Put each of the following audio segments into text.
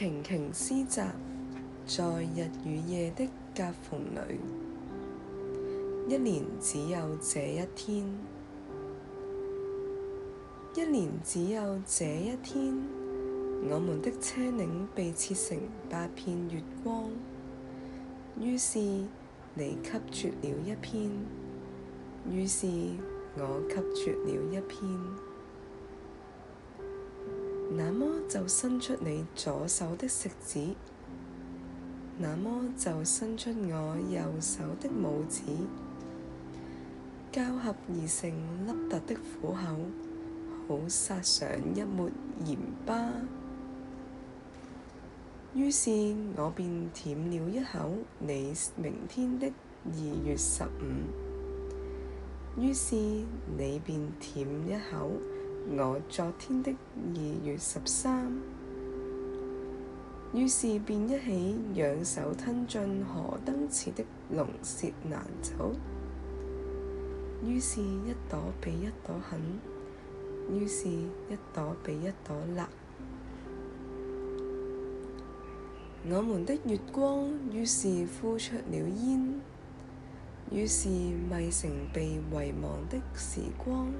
《瓊瓊詩集》在日與夜的夾縫裏，一年只有這一天，一年只有這一天，我哋嘅車頂被切成八片月光，於是你吸絕了一片，於是我吸絕了一片。那麼就伸出你左手的食指，那麼就伸出我右手的拇指，交合而成凹凸的虎口，好撒上一抹鹽巴。於是，我便舔了一口你明天的二月十五。於是，你便舔一口。我昨天的二月十三，於是便一起仰首吞進河燈前的龍舌蘭草。於是，一朵比一朵狠；於是，一朵比一朵辣。我們的月光於是呼出了煙，於是迷成被遺忘的時光。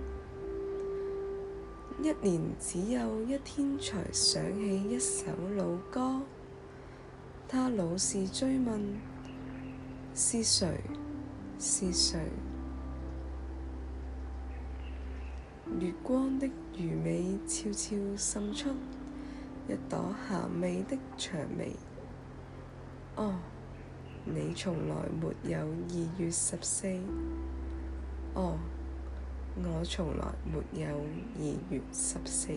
一年只有一天才想起一首老歌，他老是追問：「是誰？是誰？」月光的餘尾悄悄滲出一朵夏味的薔薇。哦，你從來沒有二月十四。哦。我從來沒有二月十四。